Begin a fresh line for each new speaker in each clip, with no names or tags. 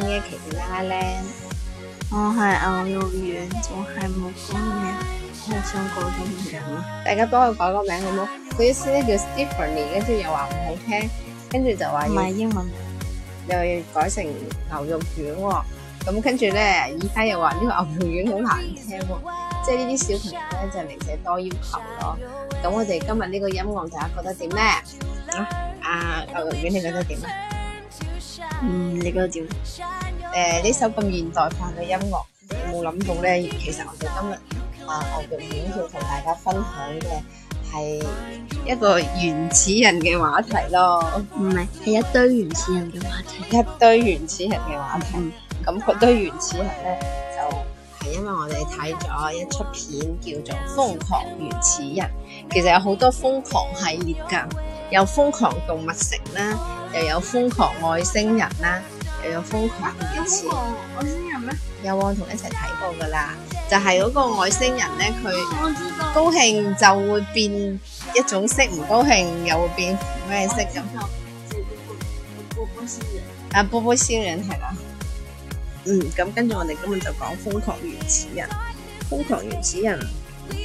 其實拉咧，我係牛肉丸，仲係冇講嘢，我想講都唔得。大家幫我改個名好唔好？嗰啲先咧叫 Stephanie，跟住又話唔好聽，跟住就話唔係英文，又要改成牛肉丸喎、哦。咁跟住咧，而家又話呢個牛肉丸好難聽喎、哦，即係呢啲小朋友咧就嚟寫多要求咯。咁我哋今日呢個音樂大家覺得點咧？啊，牛肉丸你覺得點啊？嗯，你覺得點？誒、呃，呢首咁現代化嘅音樂，你有冇諗到咧？其實我哋今日啊，牛玉丸要同大家分享嘅係一個原始人嘅話題咯。唔係，係一堆原始人嘅話題。一堆原始人嘅話題。咁，嗰堆原始人咧，就係因為我哋睇咗一出片叫做《瘋狂原始人》，其實有好多瘋狂系列噶，有《瘋狂動物城》啦。又有瘋狂外星人啦，又有瘋狂原始人。有外星人咩？有啊，同你一齊睇過噶啦。就係嗰個外星人咧，佢高興就會變一種色，唔高興又會變咩色咁。啊，波波仙人係啦。嗯，咁跟住我哋今日就講瘋狂原始人。瘋狂原始人，你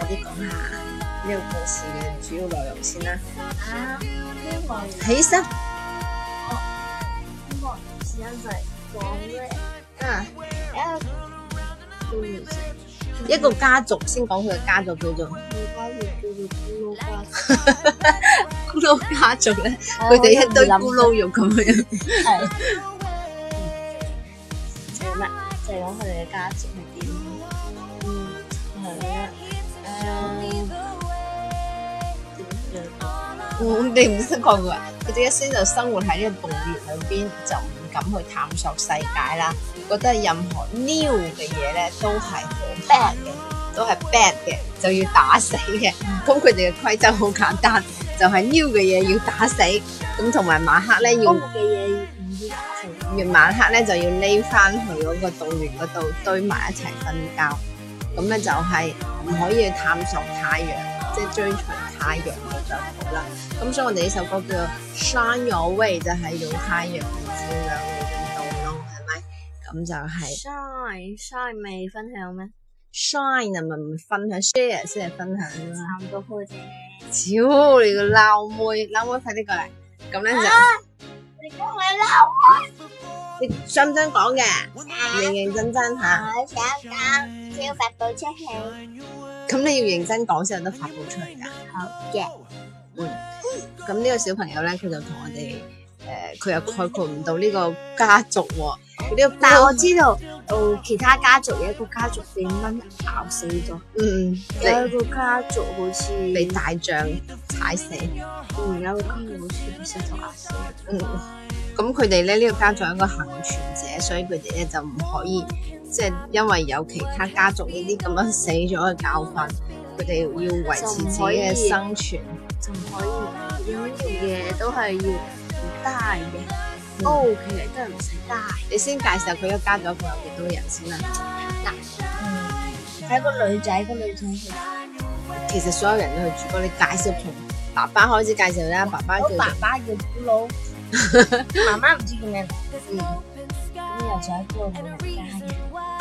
快啲講下呢個故事嘅主要內容先啦。啊，起身。哦，呢個只係講咩啊？一個家族，先講佢嘅家族叫做。家族叫做咕嚕家族。哈哈哈！咕嚕家族咧，佢哋一堆咕嚕肉咁樣。係。嗯。就係講佢哋嘅家族係點。我哋唔識講佢，佢哋一先就生活喺呢個洞穴裏邊，就唔敢去探索世界啦。覺得任何 new 嘅嘢咧都係好 bad 嘅，都係 bad 嘅，就要打死嘅。咁佢哋嘅規則好簡單，就係、是、new 嘅嘢要打死。咁同埋晚黑咧要，新嘅嘢要打死。咁晚黑咧就要匿翻去嗰個洞穴嗰度堆埋一齊瞓覺。咁咧就係唔可以探索太陽，即、就、係、是、追隨。太陽咪就好啦，咁所以我哋呢首歌叫 Shine Your Way 就係用太陽照亮你嘅道路，係咪？咁就係 Shine，Shine 未分享咩？Shine 咪唔分享，Share 先係分享啊！差唔多開始。屌你個撈妹，撈妹快啲過嚟。咁咧就。你叫我撈妹？你想唔想講嘅？認認真真吓。我想講超凡到出戲。咁你要認真講先有得發佈出嚟噶。好嘅，嗯。咁呢個小朋友咧，佢就同我哋，誒、呃，佢又概括唔到呢個家族喎、哦。但我知道，哦、呃，其他家族有一個家族被蚊咬死咗。嗯，有一個家族好似被大象踩死。嗯，有一、這個家族好似被石頭壓死。嗯，咁佢哋咧呢個家族係一個幸存者，所以佢哋咧就唔可以。即係因為有其他家族呢啲咁樣死咗嘅教訓，佢哋要維持自己嘅生存，仲可以，呢樣嘢都係要唔帶嘅。哦，其實真係唔使帶。你先介紹佢個家族有幾多人先啦。嗱、嗯，係一個女仔，個女仔。其實所有人都係主角，你介紹從爸爸開始介紹啦。爸爸叫爸爸叫古佬，媽媽唔知叫咩。嗯，咁又睇過佢哋家嘅？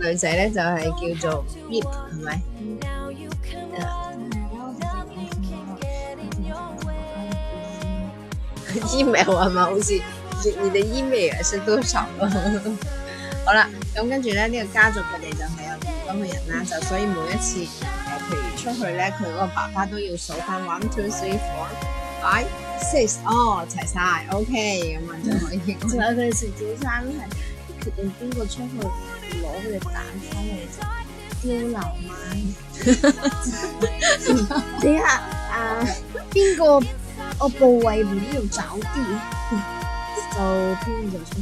女仔咧就係叫做 e m i p 係咪？email 啊咪 好似你哋 email 係多少？ 好了，咁跟住咧呢、這個家族佢哋就係有咁嘅人啦，就所以每一次誒譬、呃、如出去咧，佢嗰個爸爸都要數翻 one two three four five six 哦齊晒、嗯、ok 咁樣就可以。仲有佢哋食早餐係、嗯、決定邊個出去。攞佢隻蛋出嚟，跳流麻。睇 下啊，邊個個部位唔有着地，就邊個出去？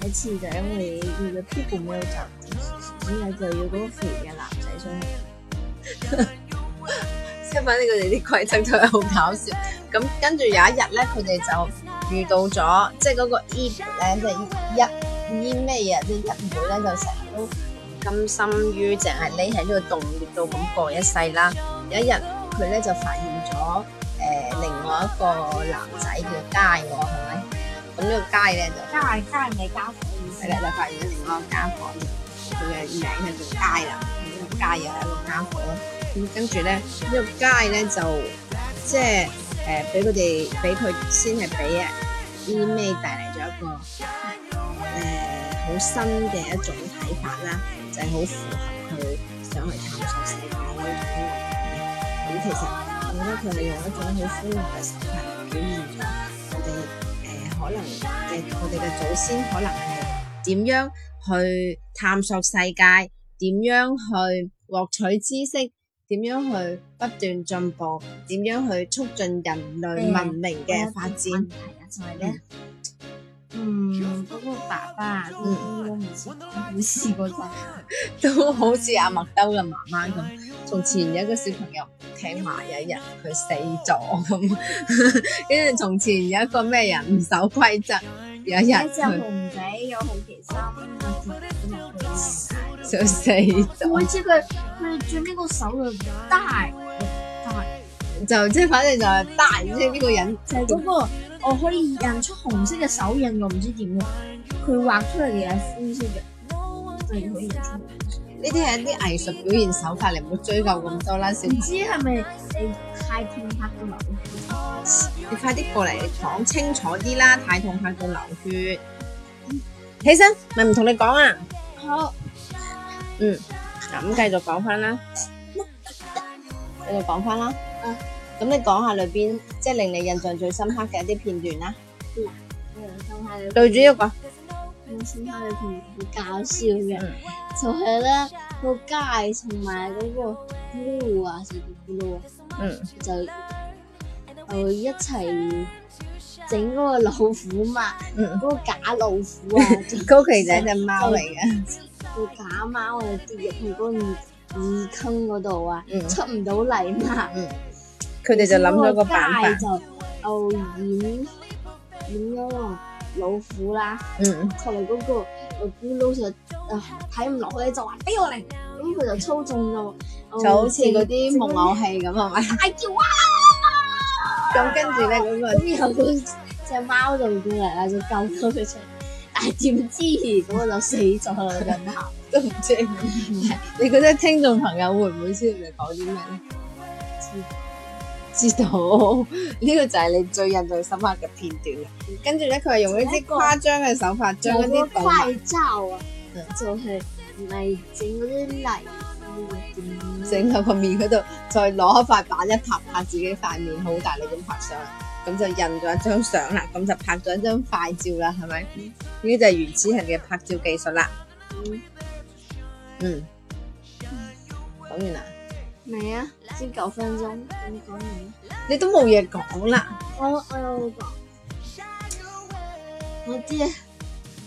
第一次就因為佢嘅屁股沒有着，咁咪就要嗰個肥嘅男仔出去。相 反，呢佢哋啲規則，真係好搞笑。咁跟住有一日咧，佢哋就遇到咗，即係嗰個 E 咧，即係一。依咪啊，呢一女咧就成日都甘心於淨係匿喺呢個洞穴度咁過一世啦。有一日佢咧就發現咗誒另外一個男仔叫佳嘅喎，係咪？咁呢個佳咧就佳佳係咪家婆？係啦，就發現咗另外一個家婆，佢嘅名係叫佳啦。咁呢個佳又係一個家婆。咁跟住咧，呢個佳咧就即係誒俾佢哋俾佢先係俾啊依咪帶嚟咗一個。好新嘅一種睇法啦，就係、是、好符合佢想去探索世界嗰種嘅。咁其實我覺得佢用一種好歡樂嘅手法嚟表現咗我哋誒、呃、可能誒我哋嘅祖先可能係點樣去探索世界，點樣去獲取知識，點樣去不斷進步，點樣去促進人類文明嘅發展。嗯。嗯，嗰個爸爸，嗯，我唔，我唔試過真，都好似阿麥兜嘅媽媽咁，從前有一個小朋友聽話，有一日佢死咗。咁，跟住從前有一個咩人唔守規則，一有一日，熊仔有好奇心，跌咗落去，就死咗。我知佢，佢最尾個手又大。就即係反正就係大即呢、這個人，不、就、係、是那個、我可以印出紅色嘅手印，我唔知點嘅，佢畫出嚟嘅灰色嘅，可以印出嚟。呢啲係啲藝術表現手法，你唔好追究咁多啦。唔知係咪太痛黑咗流血？你快啲過嚟，講清楚啲啦！太痛黑到流血，嗯、起身咪唔同你講啊！好，嗯，咁繼續講翻啦。我就講翻啦，咁你講下裏邊即係令你印象最深刻嘅一啲片段啦。嗯，最深刻。最主要個。最深刻嘅片段好搞笑嘅，就係咧個雞同埋嗰個豬啊，還是邊個？嗯，就就一齊整嗰個老虎嘛，嗰個假老虎啊，高奇仔就係隻貓嚟嘅，個假貓啊跌入去嗰個。二坑嗰度啊，嗯、出唔、嗯、到嚟嘛，
佢哋就諗咗個，個辦法，
就、哦、演演咗個老虎啦，嗯、後來嗰、那個咕嚕、啊、就睇唔落去，就話俾我嚟，咁佢就操縱咗、 哦，就好似嗰啲木偶戲咁係咪？嗌叫啊！咁跟住咧，嗰個隻貓就過嚟啦，就救咗佢出嚟。點、啊、知咁我就死咗啦！咁 下了 都唔知， 你覺得聽眾朋友會唔會知你講啲咩咧？知道呢、呢個就係你最印象深刻嘅片段啦、嗯。跟住咧，佢係用一啲誇張嘅手法將，將嗰啲快照啊，就係咪整嗰啲泥整到個面嗰度，再攞一塊板一拍，拍自己塊面好大力，你咁拍上相，咁就印咗一張相啦。咁就拍咗一張快照啦，係咪？嗯呢啲就係原始人嘅拍照技術啦。嗯，嗯，講、嗯、完啦？未啊，先九分鐘仲講嘢。你都冇嘢講啦。我嗌我講，我知。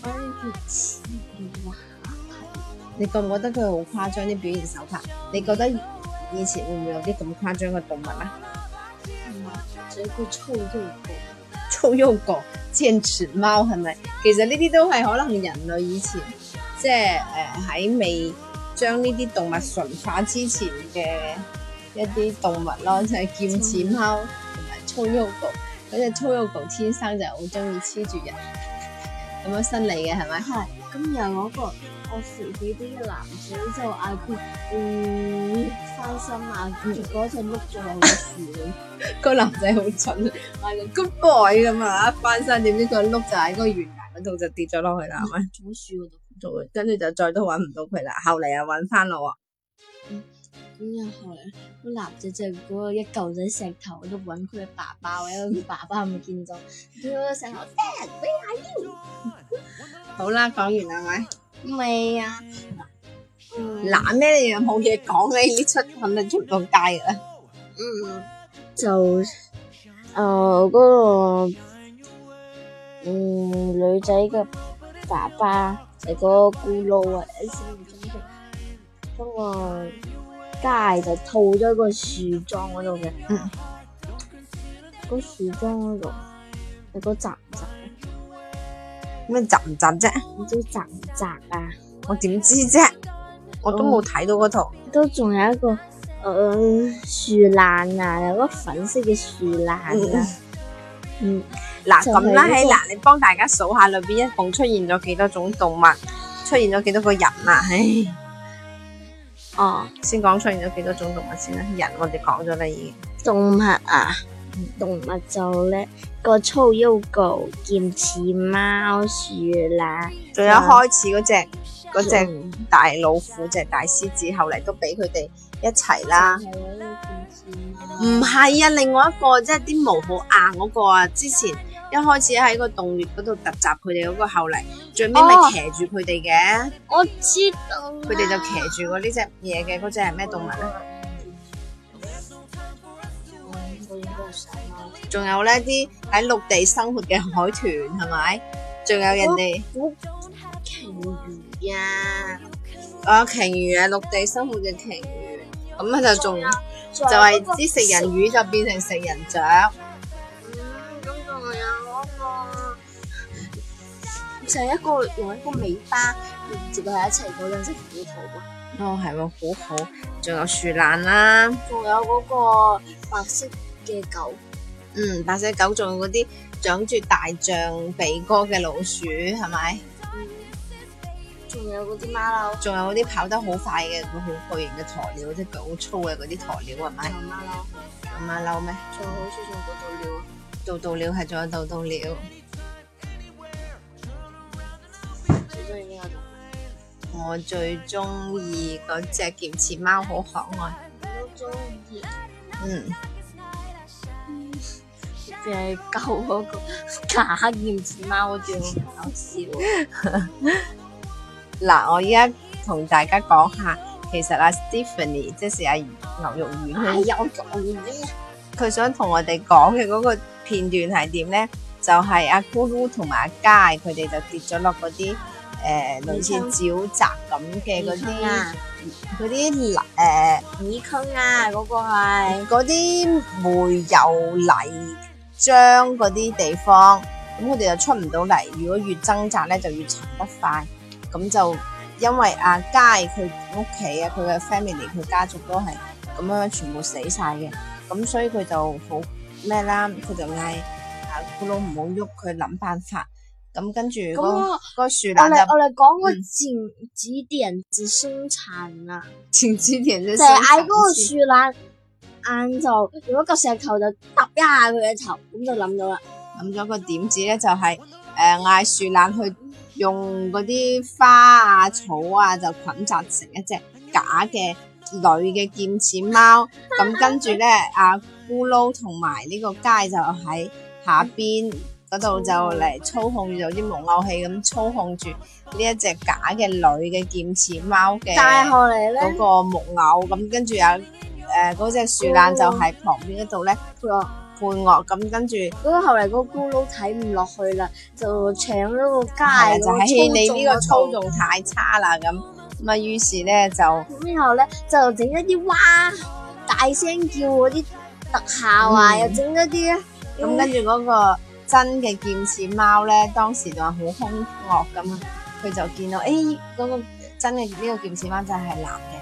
我以前要下睇。你覺唔覺得佢好誇張啲表現手法？你覺得以前會唔會有啲咁誇張嘅動物咧？嗯，隻個臭肉狗。粗肉狗、千全貓係咪？其實呢啲都係可能人類以前即係誒喺未將呢啲動物馴化之前嘅一啲動物咯，就係劍齒貓同埋粗肉狗。嗰隻粗肉狗天生就好中意黐住人，咁樣新嚟嘅係咪？係。咁又我個。我視俾啲男仔就嗌佢。嗯，翻身阿杰嗰陣碌咗好少，個男仔好蠢，係個 good boy 咁啊！翻身點知佢碌就喺個懸崖嗰度就跌咗落去啦，係、嗯、咪？喺樹嗰度，跟住就再都揾唔到佢啦。後嚟又揾翻咯。嗯，咁又後嚟個男仔就嗰一舊仔石頭喺度揾佢嘅爸爸， 因為佢爸爸唔見咗，叫佢成日我 dad，where are you？好啦，講完係咪？未啊，嗱咩又冇嘢講咧？呢、啊、出肯定出到街嘅，嗯，就誒嗰、呃那個嗯女仔嘅爸爸係個咕嚕啊，嗰個街就套咗個樹樁度嘅，嗯，嗰樹樁度係個長者。那個咩雜唔雜啫？都雜唔雜啊？我點知啫？我都冇睇到嗰圖，嗯。都仲有一個，誒、嗯，樹懶啊，有個粉色嘅樹懶啊。嗯、嗱、嗯、咁、啊、啦、嗱、就是，你幫大家數下裏面一共出現咗幾多種動物，出現咗幾多個人啊？唉， 哦，先講出現咗幾多種動物先啦，人我哋講咗啦，已經動物啊。動物就呢個粗腰狗、劍齒貓、樹懶，仲有一開始嗰隻嗰隻大老虎、隻大獅子，嗯、後嚟都俾佢哋一齊啦。唔、就、係、是、啊，另外一個即係啲毛好硬嗰個啊，之前一開始喺個洞穴嗰度突襲佢哋嗰個，後嚟最尾咪騎住佢哋嘅。我知道。佢哋就騎住嗰呢隻嘢嘅，嗰隻係咩動物呢？仲、啊、有呢啲喺陸地生活嘅海豚，係咪？仲有人哋鯨、哦哦、魚啊！啊、哦，鯨魚啊，陸地生活嘅鯨魚，咁啊就仲
就係啲食人魚
就變成食人掌。咁、嗯、仲、嗯、有嗰、那個，成一個用一個尾巴接喺一齊嗰兩隻虎虎嘛？哦，係喎，虎虎，仲有樹懶啦，仲有嗰個白色嘅狗，嗯，白色狗仲有嗰啲長住大象鼻哥嘅老鼠係咪？嗯，仲有嗰啲馬騮，仲有嗰啲跑得好快嘅佢好巨型嘅鴕鳥，即狗粗嘅嗰啲鴕鳥係咪？做馬騮，做馬騮咩？做好似做渡渡鳥，渡渡鳥係仲有渡渡鳥。最中意邊個動物？我最中意嗰隻劍齒貓，好可愛。我都中意。嗯。淨係救嗰個假燕子貓，我仲好搞笑。嗱， 我依家同大家講下， 其實阿啦 Stephanie 即係阿牛肉丸，係有咁佢想同我哋講嘅嗰個片段係點咧？就係、是、阿咕嚕同埋阿佳佢哋就跌咗落嗰啲誒類似沼澤咁嘅嗰啲嗰啲誒耳坑啊，嗰、呃啊嗰個係嗰啲煤油泥。將嗰啲地方，咁佢哋就出唔到嚟。如果越掙扎咧，就越沉得快。咁就因為阿佳佢屋企啊，佢嘅 family 佢家族都係咁樣，全部死晒嘅。咁所以佢就好咩啦？佢就嗌阿咕嚕唔好喐，佢諗辦法。咁跟住都、嗰個樹蘭、嗰個、就唔止、嗯、點子生產啦，字點止點子生產？得挨過樹蘭。晏晝如果個石頭就揼一下佢嘅頭，咁就諗到啦。諗、那、咗個點子咧，就係誒嗌樹懶去用嗰啲花啊草啊就捆紮成一隻假嘅女嘅劍齒貓。咁 跟住咧，阿、啊、咕嚕同埋呢個街就喺下邊嗰度就嚟操控住有啲木偶器咁操控住呢一隻假嘅女嘅劍齒貓嘅。大號嚟咧。嗰個木偶咁、那個、跟住有。誒、呃，嗰隻樹懶就喺旁邊一度咧配樂配樂，咁跟住，咁後嚟嗰咕嚕睇唔落去啦，就搶咗個街。就係、是、你呢個操縱太差啦，咁，咁於是咧就，然後咧就整一啲哇大聲叫嗰啲特效啊，嗯、又整一啲，咁跟住嗰個真嘅劍齒貓咧，當時就話好凶惡咁，佢就見到誒，嗰、哎那個真嘅呢、這個劍齒貓就係男嘅。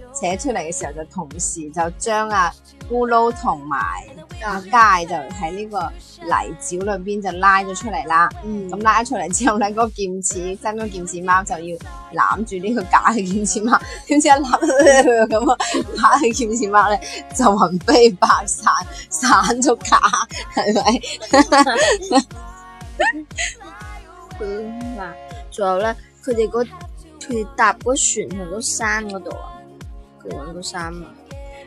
寫出嚟嘅時候就同時就將阿、啊、咕嚕同埋阿佳就喺呢個泥沼裏邊就拉咗出嚟啦。咁、嗯、拉出嚟之後咧，嗰劍齒真嗰劍齒貓就要攬住呢個假嘅劍齒貓，點知一攬咁啊，假嘅劍齒貓咧就魂飛白散，散咗假。係咪？佢 話， 仲有咧，佢哋嗰佢搭嗰船喺個山嗰度啊。換個衫啊！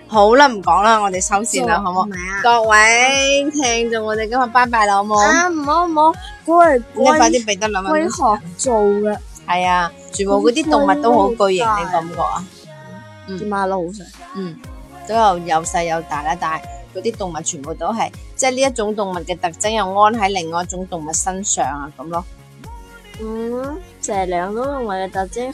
好啦，唔講啦，我哋收線啦，好唔好？各位聽眾，我哋今日拜拜啦，好唔好？啊，唔好唔好，你快啲畀得諗下，龜龜學做嘅係啊，全部嗰啲動物都好巨型，你感覺啊？馬騮好細，嗯，都有又細又大啦，但係嗰啲動物全部都係，即係呢一種動物嘅特徵又安喺另外一種動物身上啊，咁咯。嗯，成兩種動物嘅特徵。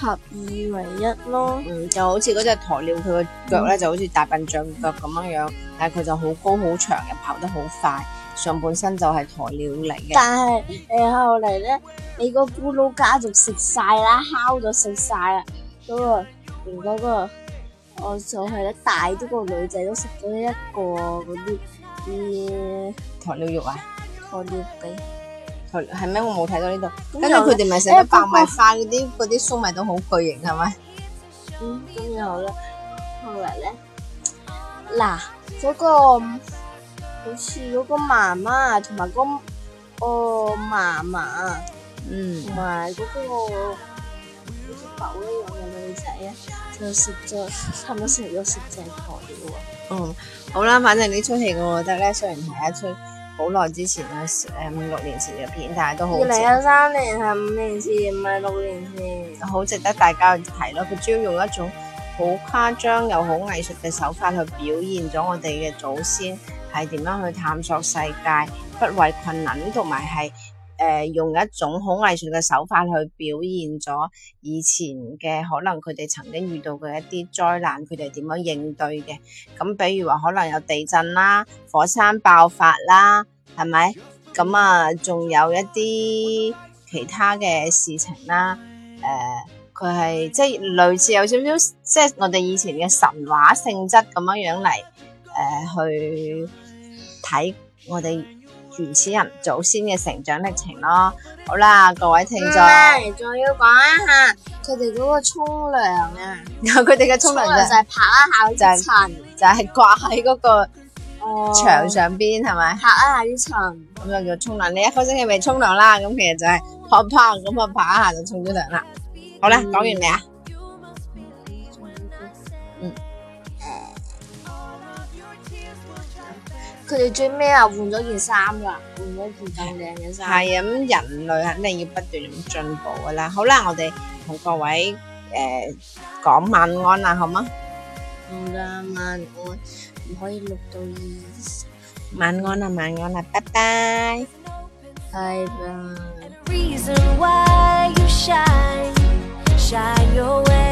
合二為一咯，嗯，就好似嗰隻鴕鳥，佢個腳咧就好似大笨象腳咁樣樣，嗯、但係佢就好高好長嘅，跑得好快，上半身就係鴕鳥嚟嘅。但係誒、呃、後嚟咧，你個咕嚕家族食晒啦，烤咗食晒啦，嗰、那個連嗰、那個，我就係一大啲個女仔都食咗一個嗰啲啲鴕鳥肉啊，鴕鳥髀。係咩？我冇睇到呢度。跟住佢哋咪成日爆米花嗰啲嗰啲粟米都好巨型，係咪？嗯，咁然後咧，後來咧，嗱、那、嗰個好似嗰個媽媽同埋嗰個嫲嫲、哦，嗯，同埋嗰個好似抱咗樣嘅女仔啊，就食咗差唔多成咗食正材料啊。嗯，好啦，反正呢出戲我覺得咧，雖然係一出。好耐之前啦，誒五六年前嘅片，但係都好。二零一三年係五年前，唔係六年前。好值得大家去睇咯！佢主要用一種好誇張又好藝術嘅手法去表現咗我哋嘅祖先係點樣去探索世界，不畏困難同埋係。誒、呃，用一種好藝術嘅手法去表現咗以前嘅可能，佢哋曾經遇到嘅一啲災難，佢哋點樣應對嘅？咁，比如話可能有地震啦、火山爆發啦，係咪？咁啊，仲有一啲其他嘅事情啦。誒、呃，佢係即係類似有少少，即係我哋以前嘅神話性質咁樣樣嚟，誒、呃，去睇我哋。原始人祖先嘅成長歷程咯，好啦，各位聽眾，唔、嗯、仲要講一下佢哋嗰個沖涼啊，
然後佢哋嘅沖涼就係、是、拍一下啲塵，
就係掛喺嗰個牆上邊，係咪？拍、哦、一下啲塵，咁就叫沖涼。你一個星期未沖涼啦，咁其實就係啪啪咁樣拍一下就沖咗涼啦。好啦，講、嗯、完未啊？佢哋最尾啊換咗件衫啦，換咗件咁靚嘅衫。係啊，咁人類肯定要不斷咁進步㗎啦。好啦，我哋同各位誒講晚安啦，好嗎？好啦，晚安，唔可以錄到二。晚安啊，晚安啊，拜拜，拜拜。